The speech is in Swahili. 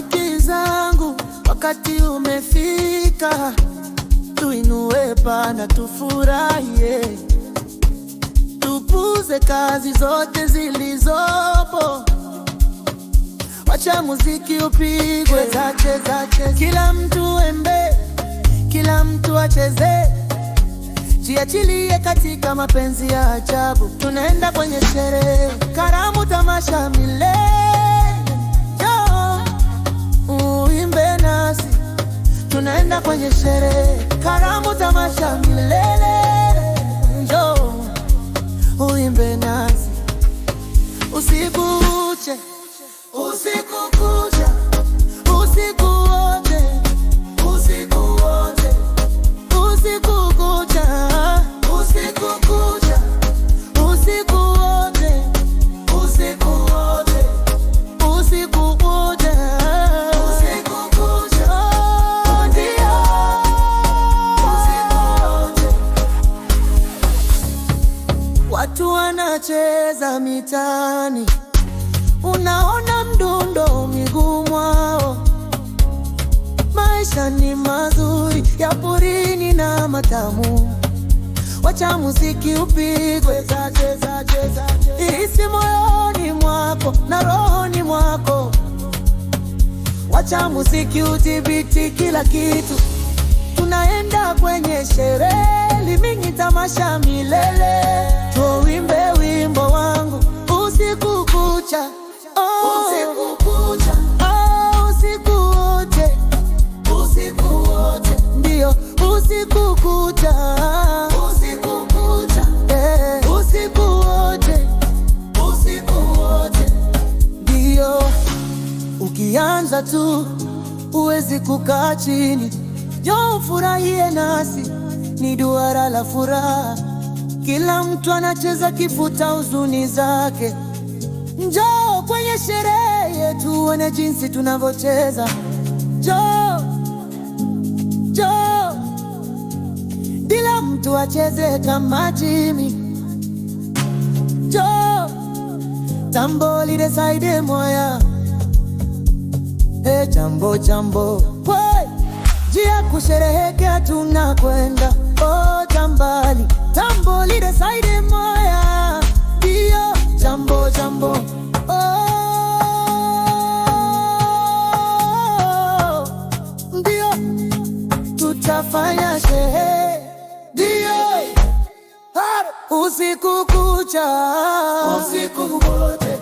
rafiki zangu, wakati umefika, tuinue pana, tufurahie, tupuze kazi zote zilizopo, wacha muziki upigwe, cheza, kila mtu embe, kila mtu acheze Jiachilie katika mapenzi ya ajabu, tunaenda kwenye sherehe, karamu, tamasha, mile kwenye sherehe, karamu, tamasha, milele wanacheza mitani, unaona mdundo miguu mwao. Maisha ni mazuri ya porini na matamu, wacha muziki upigwe, isi moyoni mwako na rohoni mwako, wacha muziki udhibiti kila kitu. Tunaenda kwenye sherehe, limingi, tamasha milele kwanza tu, huwezi kukaa chini. Njoo furahie nasi, ni duara la furaha. Kila mtu anacheza kifuta huzuni zake. Njoo kwenye sherehe yetu, uone jinsi tunavyocheza. Njoo, njoo, kila mtu acheze kama Jimmy. Njoo, tambo lidesaide moya Hey, eh, jambo jambo, hey, jia kusherehekea tunakwenda oh, tambali tambo lile saide moya dio jambo jambo oh, ndio tutafanya sherehe dio usiku kucha usiku wote